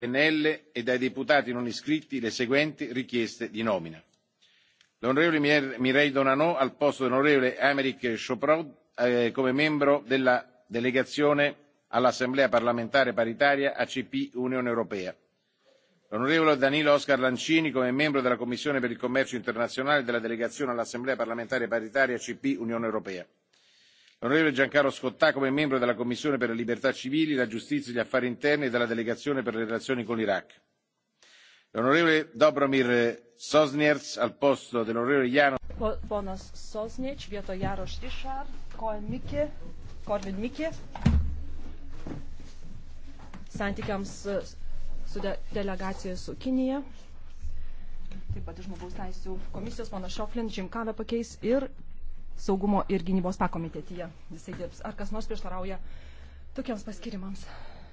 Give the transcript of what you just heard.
pnl e dai deputati non iscritti le seguenti richieste di nomina l'on. mireille donadon al posto dell'on. aymeric chauprod eh, come membro della delegazione all'assemblea parlamentare paritaria acp unione europea l'on. danilo oscar lancini come membro della commissione per il commercio internazionale e della delegazione all'assemblea parlamentare paritaria acp unione europea l'on. giancarlo scottà come membro della commissione per le libertà civili la giustizia e gli affari interni e della delegazione per le relazioni con l'iraq l'on. dobromir sosnierz al posto dell'on. jano ponas sosnič vietoj jaroš išar korvin mikė santykiams e, su de delegacija su kinija taip pat žmogaus teisių komisijos ponas šoflin džim kavą pakeis ir saugumo ir gynybos pakomitetyje. Jisai dirbs. Ar kas nors prieštarauja tokiems paskirimams?